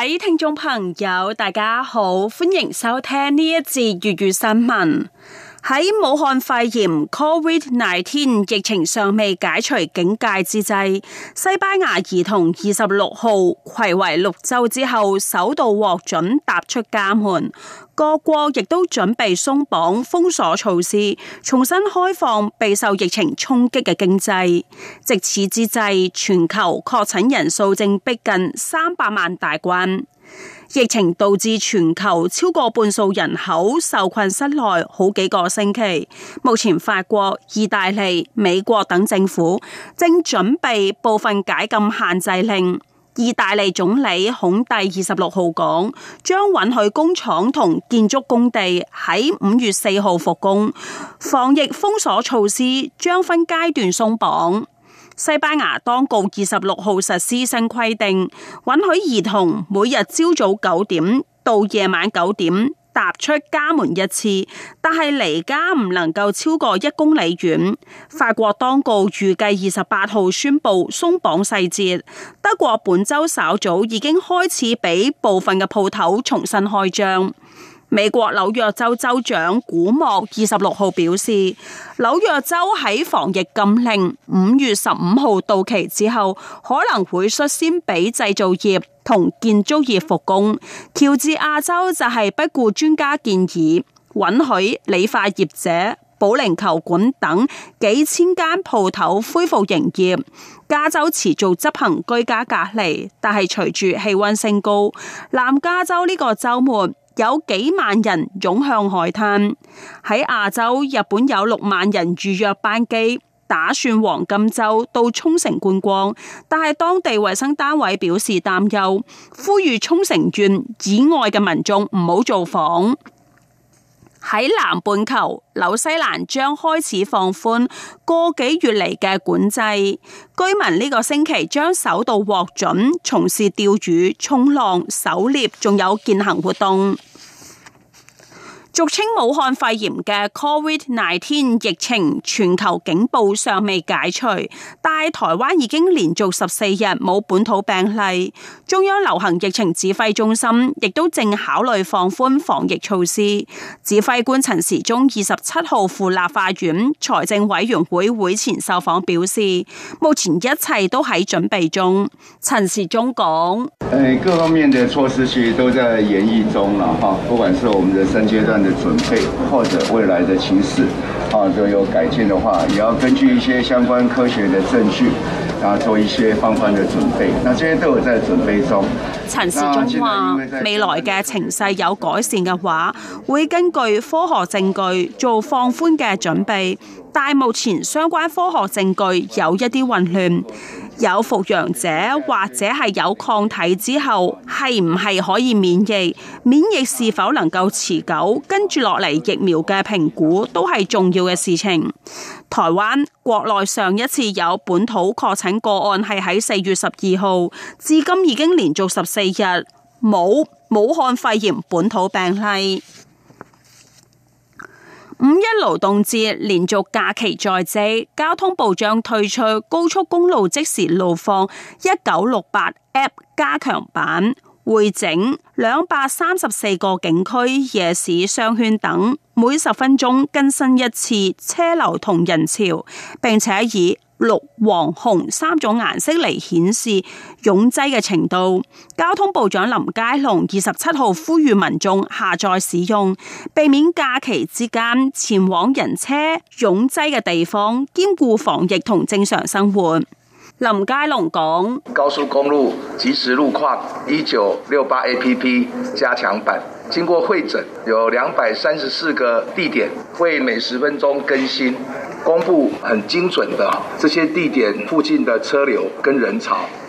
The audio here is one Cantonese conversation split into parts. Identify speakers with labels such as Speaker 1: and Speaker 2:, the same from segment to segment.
Speaker 1: 各位聽眾朋友，大家好，歡迎收聽呢一節粵語新聞。喺武漢肺炎 （COVID-19） 疫情尚未解除警戒之際，西班牙兒童二十六號睽違六周之後，首度獲准踏出家門。各國亦都準備鬆綁封鎖措施，重新開放備受疫情衝擊嘅經濟。值此之際，全球確診人數正逼近三百萬大關。疫情導致全球超過半數人口受困室內好幾個星期。目前，法國、意大利、美國等政府正準備部分解禁限制令。意大利總理孔蒂二十六號講，將允許工廠同建築工地喺五月四號復工，防疫封鎖措施將分階段鬆綁。西班牙當局二十六號實施新規定，允許兒童每日朝早九點到夜晚九點。踏出家門一次，但係，離家唔能夠超過一公里遠。法國當局預計二十八號宣布鬆綁細節。德國本周稍早已經開始俾部分嘅鋪頭重新開張。美國紐約州州長古莫二十六號表示，紐約州喺防疫禁令五月十五號到期之後，可能會率先俾製造業同建築業復工。喬治亞州就係不顧專家建議，允許理髮業者、保齡球館等幾千間鋪頭恢復營業。加州持續執行居家隔離，但係隨住氣溫升高，南加州呢個周末。有幾萬人湧向海灘。喺亞洲，日本有六萬人預約班機，打算黃金周到沖繩觀光，但係當地衛生單位表示擔憂，呼籲沖繩縣以外嘅民眾唔好造訪。喺南半球，紐西蘭將開始放寬過幾月嚟嘅管制，居民呢個星期將首度獲准從事釣魚、衝浪、狩獵，仲有健行活動。俗稱武漢肺炎嘅 COVID-19 疫情全球警報尚未解除，但係台灣已經連續十四日冇本土病例，中央流行疫情指揮中心亦都正考慮放寬防疫措施。指揮官陳時中二十七號赴立法院財政委員會會前受訪表示，目前一切都喺準備中。陳時中講：各方面嘅措施其實都在研議中啦，不管是我們嘅三階段。準備或者未來的情勢，啊，都有改進的話，也要根據一些相關科學的證據，然後做一些放寬的準備。那現在都係在準備中。陳時中話：未來嘅情勢有改善嘅話，會根據科學證據做放寬嘅準備，但目前相關科學證據有一啲混亂。有復陽者或者係有抗體之後，係唔係可以免疫？免疫是否能夠持久？跟住落嚟疫苗嘅評估都係重要嘅事情。台灣國內上一次有本土確診個案係喺四月十二號，至今已經連續十四日冇武漢肺炎本土病例。五一勞動節連續假期在即，交通部將推出高速公路即時路況。一九六八 App 加強版會整兩百三十四個景區、夜市、商圈等，每十分鐘更新一次車流同人潮，並且以。綠、黃、紅三種顏色嚟顯示擁擠嘅程度。交通部長林佳龍二十七號呼籲民眾下載使用，避免假期之間前往人車擁擠嘅地方，兼顧防疫同正常生活。林佳龍講，高速公路即時路況一九六八 A P P 加強版，經過彙整有兩百三十四個地點，會每十分鐘更新。公布很精準的這些地點附近的車流跟人潮。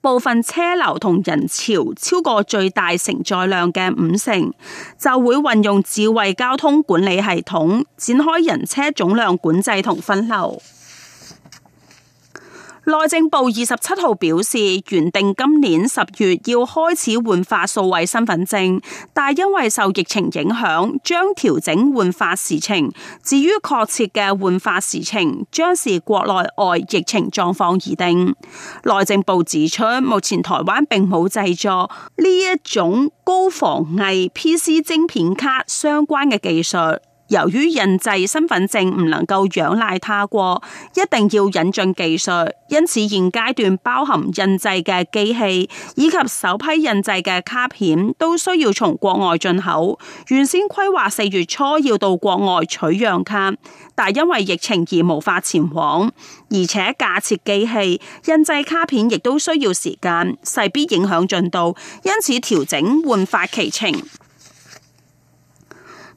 Speaker 1: 部分車流同人潮超過最大承載量嘅五成，就會運用智慧交通管理系統，展開人車總量管制同分流。內政部二十七號表示，原定今年十月要開始換發數位身份證，但因為受疫情影響，將調整換發時程。至於確切嘅換發時程，將視國內外疫情狀況而定。內政部指出，目前台灣並冇製作呢一種高防偽 PC 晶片卡相關嘅技術。由於印製身份證唔能夠仰賴他國，一定要引進技術，因此現階段包含印製嘅機器以及首批印製嘅卡片都需要從國外進口。原先規劃四月初要到國外取樣卡，但因爲疫情而無法前往，而且架設機器、印製卡片亦都需要時間，勢必影響進度，因此調整換發期程。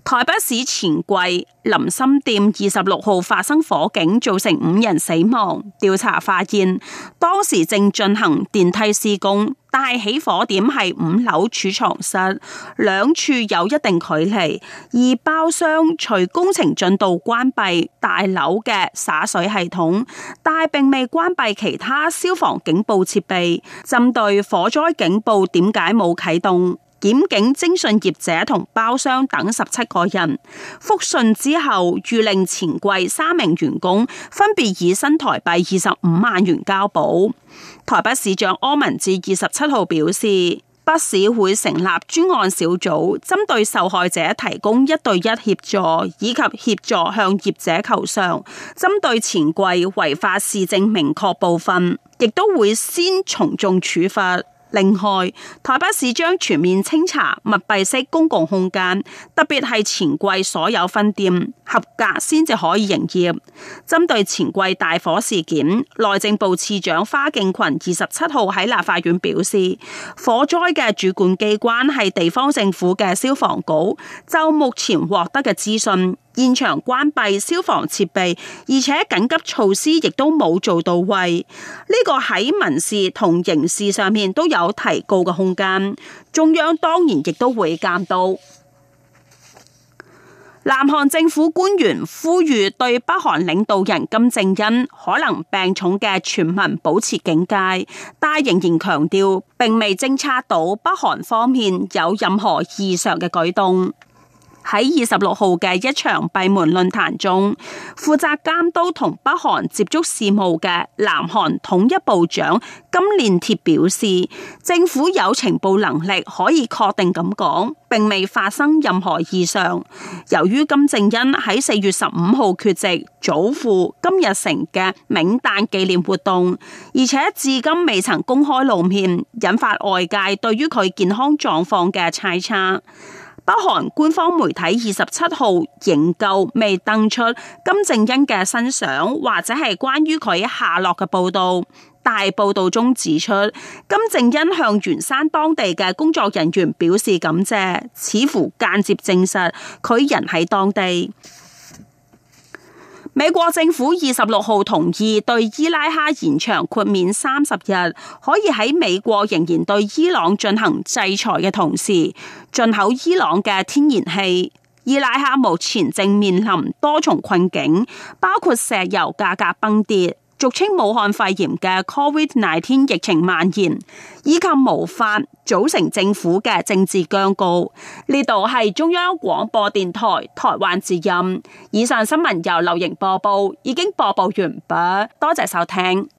Speaker 1: 台北市錢櫃林森店二十六號發生火警，造成五人死亡。調查發現，當時正進行電梯施工，但起火點係五樓儲藏室，兩處有一定距離。而包商隨工程進度關閉大樓嘅灑水系統，但係並未關閉其他消防警報設備。針對火災警報點解冇啟動？檢警徵訊業者同包商等十七個人，複訊之後，諭令錢櫃三名員工分別以新台幣二十五萬元交保。台北市長柯文哲二十七號表示，北市會成立專案小組，針對受害者提供一對一協助，以及協助向業者求償。針對錢櫃違法事證明確部分，亦都會先從重處罰。另外，台北市將全面清查密閉式公共空間，特別係錢櫃所有分店，合格先至可以營業。針對錢櫃大火事件，內政部次長花敬群二十七號喺立法院表示，火災嘅主管機關係地方政府嘅消防局。就目前獲得嘅資訊。現場關閉消防設備，而且緊急措施亦都冇做到位。呢、這個喺民事同刑事上面都有提告嘅空間。中央當然亦都會監督。南韓政府官員呼籲對北韓領導人金正恩可能病重嘅傳聞保持警戒，但仍然強調並未偵測到北韓方面有任何異常嘅舉動。喺二十六號嘅一場閉門論壇中，負責監督同北韓接觸事務嘅南韓統一部長金連鐵表示，政府有情報能力可以確定咁講，並未發生任何異常。由於金正恩喺四月十五號缺席祖父金日成嘅冥誕紀念活動，而且至今未曾公開露面，引發外界對於佢健康狀況嘅猜測。北韓官方媒體二十七號仍舊未登出金正恩嘅新相，或者係關於佢下落嘅報道。大報道中指出，金正恩向元山當地嘅工作人員表示感謝，似乎間接證實佢人喺當地。美國政府二十六號同意對伊拉克延長豁免三十日，可以喺美國仍然對伊朗進行制裁嘅同時，進口伊朗嘅天然氣。伊拉克目前正面臨多重困境，包括石油價格崩跌。俗稱武漢肺炎嘅 Covid-19 疫情蔓延，以及無法組成政府嘅政治僵局。呢度係中央廣播電台台灣之音。以上新聞由流瑩播報，已經播報完畢。多謝收聽。